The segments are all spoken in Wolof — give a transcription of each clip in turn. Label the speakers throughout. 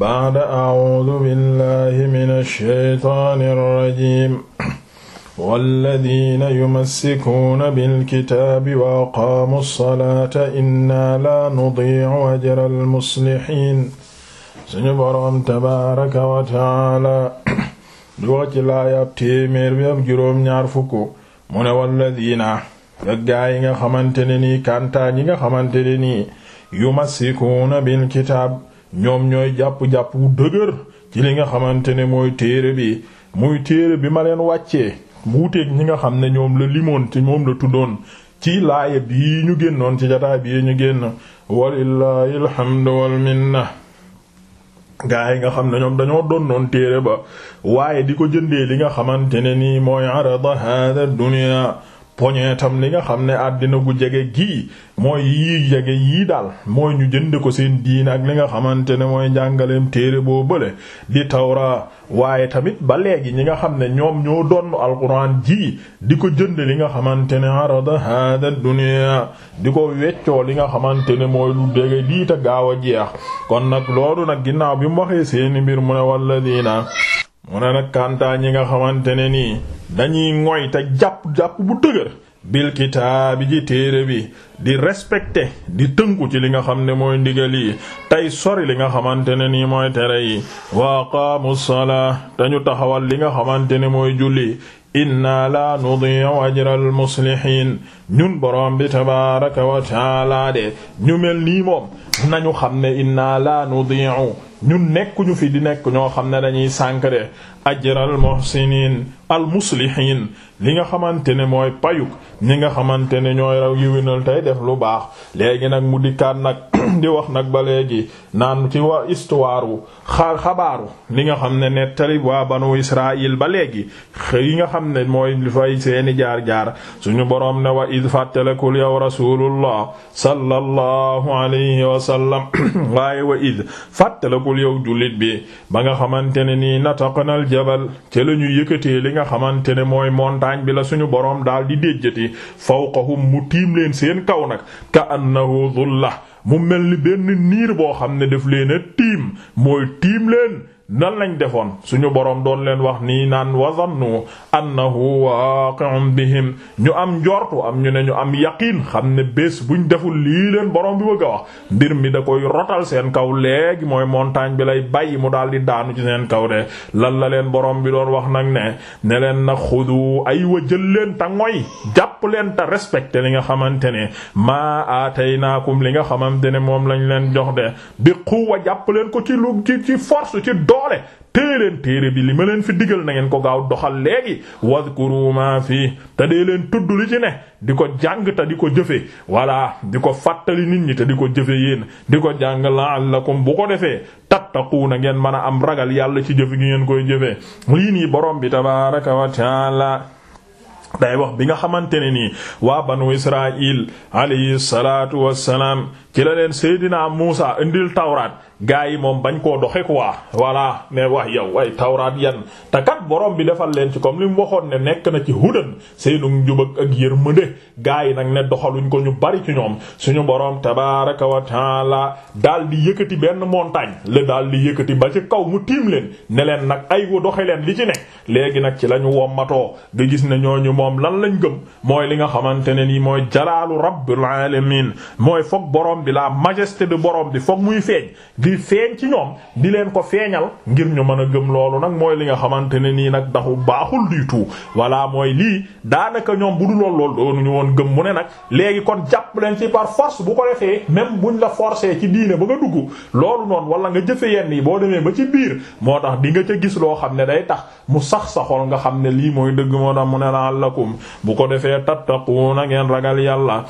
Speaker 1: baada acuudu billahi min alsheytaan alrajim walladina yumassikuuna bilkitaabi wa aqaamu alsalaata inna la nudiicu ajra almuslixiin suñu boroom tabaaraka wa tacaala du wax ci laayab téeméer bi ak juróom-ñaar fukk mu ne walladina ak gaa yi nga xamante ne nii kantaan yi nga xamante ne nii yumassikuuna bilkitaab ñoom ñooy jàpp-jàpp wu dëgër ci li nga xamante ni mooy téere bi muy téere bi ma leen wàccee wuuteeg ñi nga xam ne ñoom la limoon ci moom la tuddoon ci laaya bii ñu génnoon ci jataay bii ñu génn walillahi alhamdu wal minna gaa yi nga xam ne ñoom dañoo doon donnoon téere ba waaye di ko jëndee li nga xamante ne nii mooy arada hada dunya poñeetam li nga xam ne àddina gu jege gii mooy yii jege yii daal mooy ñu jënd ko seen diine ak li nga xamante ne mooy njàngaleem téere boo bële di tawra waaye tamit ba léegi ñi nga xam ne ñoom ñoo donn alquran ji di ko jënd li nga xamante ne arada hada dunya di ko weccoo li nga xamante ne mooy lu dége lii ta gaaw a jeex kon nag loolu nag ginnaaw bi mu waxee seeni mbir mu ne walladina mu ne nag kantaa ñi nga xamante ne nii dañuy ngoy te jàpp-jàpp bu dëgër bil kitaabi ji téere bi di respecté di tënku ci li nga xam ne mooy ndigal yi tey sori li nga xamante ne nii mooy tere yi wa aqaamu salaa dañu taxawal li nga xamante ne mooy julli inna la nudiyu ajral muslihin ñun borom bi tabaraka wa taala ñu mel nii moom nañu xam ne inna la nudiyu ñun nekkuñu fi di nekk ñoo xam ne dañuy sànk de ajral muhsinin al muslihin li nga xamante ne mooy payuk ñi nga xamante ne ñooy raw yiwénal tey def lu baax léegi nag mu dikkaat nag di wax nag ba léegi naan ci wa histoire wu xaar xabaaru li nga xam ne nettali waa banu israil ba léegi yi nga xam ne mooy fay seeni jaar-jaar suñu boroom ne wa id fàttalekul yow rasulullah sallallahu alayhi wa waaye wa id fàttalekul yow jullit bi ba nga xamante ne nii nataqanal jabal ci lañu yëkkatee nga xamante ne mooy montagne bi la suñu boroom daal di déjjati fawqahum mu tiim leen seen kaw nag ka annahu la mu mel ni benn niir boo xam ne daf leen a tiim mooy tiim leen nan lañ defoon suñu boroom doon leen wax nii naan wazannu annahu bi bihim ñu am njortu am ñu ne ñu am yaqiin xam ne bés buñ deful lii leen boroom bi bëgg a wax mbir mi da koy rotal seen kaw leegi mooy montagne bi lay bàyyi mu daal di daanu ci seen kaw de lan la leen boroom bi doon wax nag ne ne leen nag xudu ay wa jël leen ta ngoy jàpp leen ta respecté li nga xamante ne maa aataynaakum li nga xamante ne moom lañ leen jox de bi quwwa jàpp leen doole téye téere bi li ma leen fi digal na ngeen ko gaaw doxal léegi wadkuru ma fi te dee leen tudd li ci ne di ko jàng te di ko jëfe walla di ko fàttali nit ñi di ko jëfe yéen di ko jàng la'allakum bu ko defee tattaquuna ngeen mën a am ragal yàlla ci jëfe gi ngeen koy jëfee lii nii borom bi tabaaraka wa taala day wax bi nga xamante ne ni waa banu israil alayhi salaatu wassalaam ci la leen Seydina Muusa indil tawraat gaa yi moom bañ koo doxe waa voilà ne wax yow way tawraat yan te kat borom bi defal leen ci comme li mu waxoon ne nekk na ci hudan seenu njub ak yërmande gaa yi nag ne doxaluñ ko ñu bari ci ñoom suñu borom tabaaraka wa taala daal di yëkkati benn montagne la daal di yëkkati ba ci kaw mu tiim leen ne leen nag ay wu doxe leen li ci ne léegi nag ci la ñu wommatoo nga gis ne ñooñu moom lan lañ gëm mooy li nga xamante ne nii mooy jalaalu rabbil alamin mooy borom bi majesté de borom bi fokk muy feeñ di feeñ ci ñoom di leen ko feeñal ngir ñu mën a gëm loolu nag mooy li nga xamante ne nii nag daxu baaxul du tout voilà mooy lii daanaka ñoom bu du lool lool doonuñu woon gëm mu ne nag léegi kon jàpp leen ci par force bu ko defee même buñ la forcer ci diine ba nga dugg loolu noonu wala nga jëfe yenn yi boo demee ba ci biir moo tax di nga ca gis loo xam ne day tax mu sax sa nga xam ne lii mooy dëgg moo tax mu ne la lakum bu ko defee tattaqu na ngeen ragal yàlla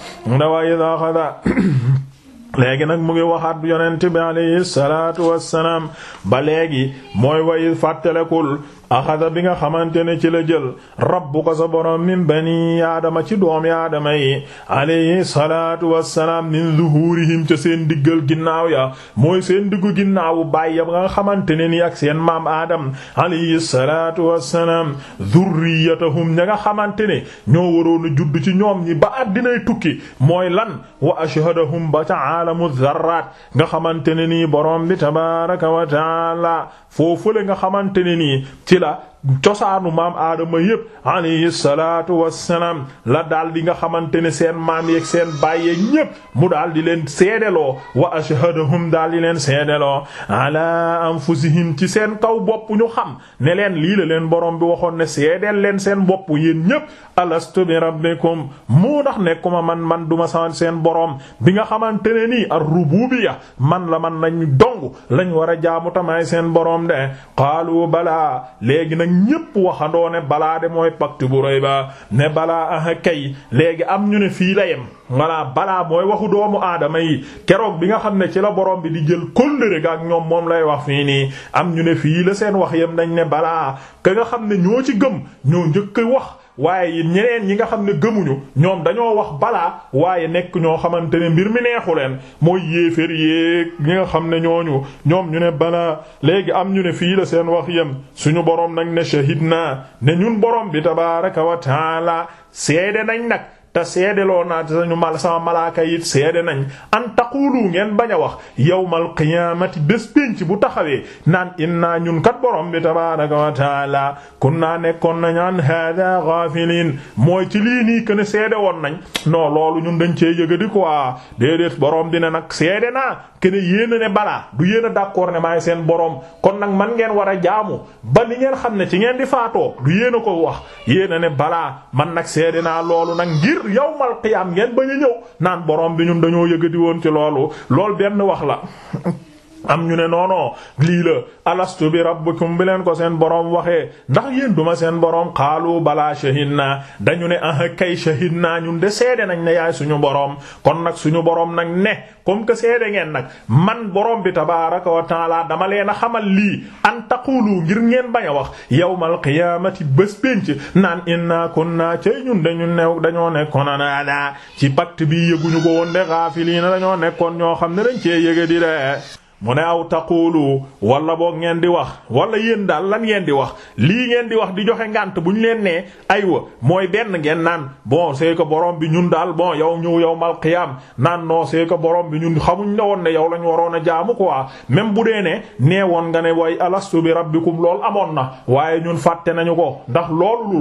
Speaker 1: léegi nag mu ngi waxaat yonent bi alayhi salaatu wassalaam ba léegi mooy way fàttalekul axada bi nga xamante ne ci la jël rabbuka sa borom min bani aadama ci doomi aadama yi alayhi salaatu wassalaam min ca seen diggal ginnaaw ya mooy seen diggu ginnaawu baay ya ba nga xamante ne nii ak seen maam aadam alayhi salaatu wassalaam zurriyatahum ña nga xamante ne ñoo waroon a judd ci ñoom ñi ba addinay tukki mooy lan wa ashhadahum ba ca aalamu zarraat nga xamante ne nii borom bi tabaaraka wa taala foofule nga xamante ne la cosaanu maam aadama yépp alayhi salaatu wassalaam la daal di nga xamante ne seen maam yeeg seen baay yeeg ñépp mu daal di leen seedeloo wa ashhadahum daal di leen seedeloo ala anfusihim ci seen kaw bopp ñu xam ne leen lii leen boroom bi waxoon ne seedeel leen seen bopp yéen ñépp alastu bi rabbikum moo ndax nekkuma man man duma sama seen boroom bi nga xamante nii ar-rububiyya man la man nañ do dong lañ war a jaamu tamay seen borom de qaalu balaa léegi nag ñépp waxandoo ne balaa de mooy pacte bu rëy ba ne balaa aha kay léegi am ñu ne fii la yem voilà balaa mooy waxu doomu aadama yi keroog bi nga xam ne ci la borom bi di jël kóllëre ga ak ñoom moom lay wax fii nii am ñu ne fii la seen wax yem nañ ne balaa ka nga xam ne ñoo ci gëm ñoo njëkk wax. waaye ñeneen ñi nga xam ne gëmuñu ñoom dañoo wax balaa waaye nekk ñoo xamante ne mbir mi neexu leen mooy yéeféer yéeg ñi nga xam ne ñooñu ñoom ñu ne balaa léegi am ñu ne fii la seen wax yem suñu boroom nag ne shahid naa ne ñun boroom bi tabaaraka wa taala seede nañ nag te seedeloo naa te sañu mal sama malaaka yit seede nañ an taqulu ngeen bañ a wax yawmal qiyaamati bés pénc bu taxawee naan inna ñun kat borom bi tabaaraka wa taala kunna nekkoon nañ an hada ghafilin mooy ci lii nii que ne seede woon nañ noo loolu ñun dañ cee yëgadi quoi déedéet borom dina nag seede naa kene yéen a ne balaa du yéen a d'accord ne maay seen boroom kon nag man ngeen war a jaamu ba ni ngeen xam ne ci ngeen di faatoo du yéen a ko wax yéen a ne balaa man nag seede naa loolu nag ngir yawmal qiyaam ngeen bañ a ñëw naan borom bi ñun dañoo yëgati woon ci loolu loolu benn wax la. am ñu ne noono lii la alastu bi rabbikum bi leen ko seen boroom waxee ndax yéen ma seen boroom xaalu balaa shahidna dañu ne ah kay naa ñun de seede nañ ne yaay suñu boroom kon nag suñu boroom nag ne comme que seede ngeen nag man boroom bi tabaaraka wa taala dama leen a xamal lii an taqulu ngir ngeen bañ a wax yawmal qiyaamati bés pénc naan inna kunna cay ñun dañu new dañoo nekkoon ana ci pacte bi yëguñu ko woon de gaafiliina dañoo nekkoon ñoo xam ne dañ cee yëge di de mu ne aw taqulu wala boog ngeen di wax wala yéen daal lan ngeen di wax lii ngeen di wax di joxe ngànt bu ñu leen nee aywa mooy benn ngeen naan bon c'est que borom bi ñun daal bon yow ñëw yow mal qiyaam naan non c'est que borom bi ñun xamuñ la woon ne yow lañ waroon a jaamu quoi même bu dee nee woon nga ne way alastu bi rabbikum lool amoon na waaye ñun fàtte nañu ko ndax loolu lu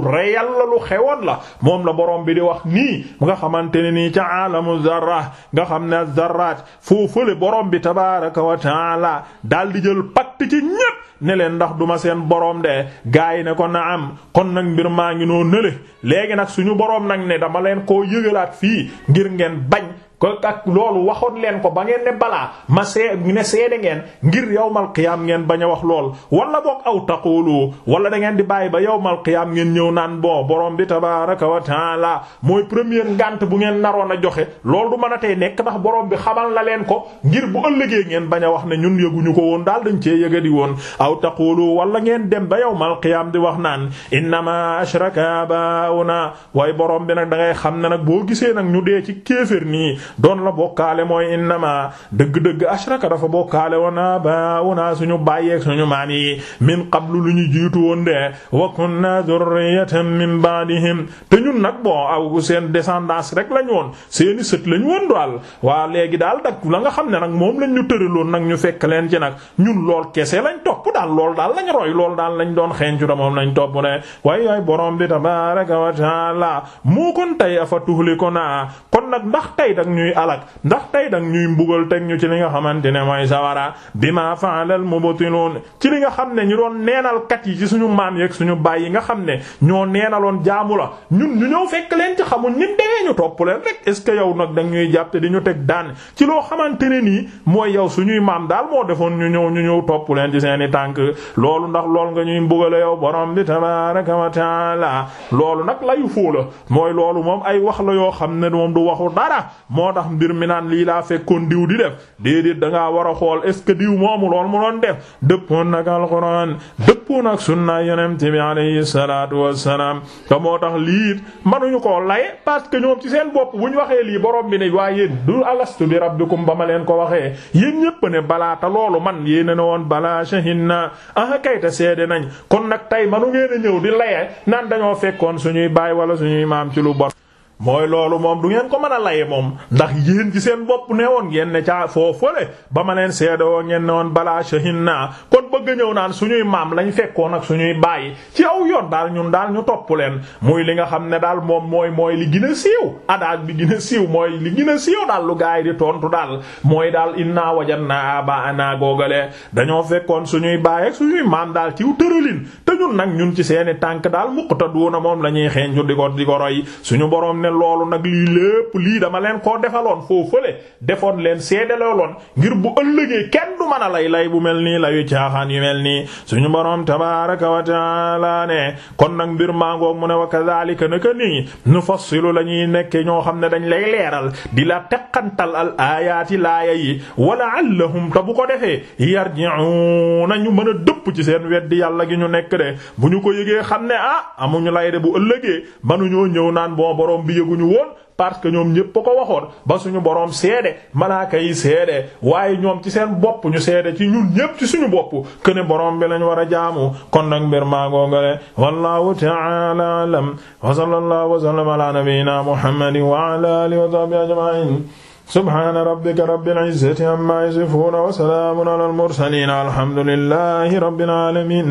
Speaker 1: lu xewoon la moom la borom bi di wax nii nga xamante ne nii ca alamu zarra nga xam ne zarraat foofule borom bi tabaaraka wa taala daal di jël pacte ci ñépp ne leen ndax duma seen boroom de gaa yi ne ko na am kon nag mbir maa ngi noo nële léegi nag suñu boroom nag ne dama leen koo yëgalaat fii ngir ngeen bañ ko ak loolu waxoon leen ko ba ngeen ne balaa ma see ne seede ngeen ngir yawmal qiyaam ngeen bañ a wax lool wala boog aw taqulu wala da ngeen di bàyyi ba yawmal qiyaam ngeen ñëw naan bon borom bi tabaaraka wa taala mooy première ngànt bu ngeen naroon a joxe loolu du mën a tey nekk ndax borom bi xamal na leen ko ngir bu ëllëgee ngeen bañ a wax ne ñun yëguñu ko woon daal dañ cee di woon aw taqulu wala ngeen dem ba yawmal qiyaam di wax naan innama ashraka baauna waaye borom bi nag da xam ne nag boo gisee nag ñu dee ci kéefër nii doon la bokkaale mooy innama dëgg-dëgg ashraka dafa bokkaale wana ba una suñu bàyyeeg suñu maan yi min qablu lu ñu jiitu woon de wa kunna dhurriyatan min ba'dihim te ñun nag bon aw seen descendance rek lañ woon seeni sët lañ woon daal waa léegi daal dak la nga xam ne nag moom lañ ñu tëraloon nag ñu fekk leen ci nag ñun lool kese lañ topp daal lool daal lañ roy lool daal lañ doon xeeñcu da moom lañ topp ne way way borom bi tabaaraka wa nag ndax tey dag ñuy alak ndax tey dag ñuy mbugal teg ñu ci li nga xamante ne mooy sawara bima fa'alal mubtilun ci li nga xam ne ñu doon neenalkat yi ci suñu maam yeeg suñu baay yi nga xam ne ñoo neenaloon jaamu la ñun ñu ñëw fekk leen ci xamuñ ni demee ñu topp leen rek est ce que yow nag dag ñuy jàpp te di ñu teg daan ci loo xamante ne nii mooy yow suñuy maam daal moo defoon ñu ñëw ñu ñëw topp leen ci seeni tànk loolu ndax loolu nga ñuy mbugale yow borom bi tabaaraka wa taala loolu nag layu fóola la waxu dara moo tax mbir mi naan lii laa fekkoon diw di def déedéet da ngaa war a xool est ce que diw moomu lool mu doon def dëppoon nag alxuraan dëppoon ak sunna yonent bi alayhi salaatu wassalaam te moo tax lii manuñu ko laye parce que ñoom ci seen bopp bu ñu waxee lii borom bi ne waaye yéen du alastu bi rabbikum ba ma leen ko waxee yéen ñépp ne balaa te loolu man yéena ne woon balaa shahinna aha kayta seede nañ kon nag tey manu ngeen a ñëw di laye naan dañoo fekkoon suñuy baay wala suñuy maam ci lu bon mooy loolu moom du ngeen ko mën a laye moom ndax yéen ci seen bopp nee woon ngeen ne caa foofale ba ma leen seede woo ngeen ne woon balaa shahin naa kon bëgg ñëw naan suñuy maam lañu fekkoon ak suñuy bàyyi ci aw yoon daal ñun daal ñu topp leen muy li nga xam ne daal moom mooy mooy li gën a siiw adage bi gën a siiw mooy li gën a siiw daal lu gaay di tontu daal mooy daal inna wajadna abaana googale dañoo fekkoon suñuy bàyyi ak suñuy maam daal ciw tëralin te nag ñun ci seeni tànk daal muqtaduna moom lañuy xeeñu di ko di ko roy suñu borom ne ne loolu nag lii lépp lii dama leen koo defaloon foofale defoon leen seedalooloon ngir bu ëllëgee kenn du mën a lay lay bu mel nii layu caaxaan yu mel nii suñu boroom tabaaraka wa taala ne kon nag mbir mangoog mu ne wa kadhalika naka nii nufassilu la lañuy nekke ñoo xam ne dañ lay leeral di la teqantal al aayaati laaya yi wa la'allahum ta bu ko defee yarji'una ñu mën a dëpp ci seen weddi yàlla gi ñu nekk de bu ñu ko yëgee xam ne ah amuñu lay de bu ëllëgee yëguñu woon parce que ñoom ñépp ko waxoon ba suñu boroom seede malaaka yi seede waaye ñoom ci seen bopp ñu seede ci ñu ñépp ci suñu bopp que ne boroom bi lañ jaamu kon nag mbir maa ngoogale wallahu ta'ala a'lam wa sallallahu wa sallama ala nabiyyina muhammadin wa ala alihi wa sahbihi ajma'in subhana rabbika rabbil izzati amma yasifun wa ala alamin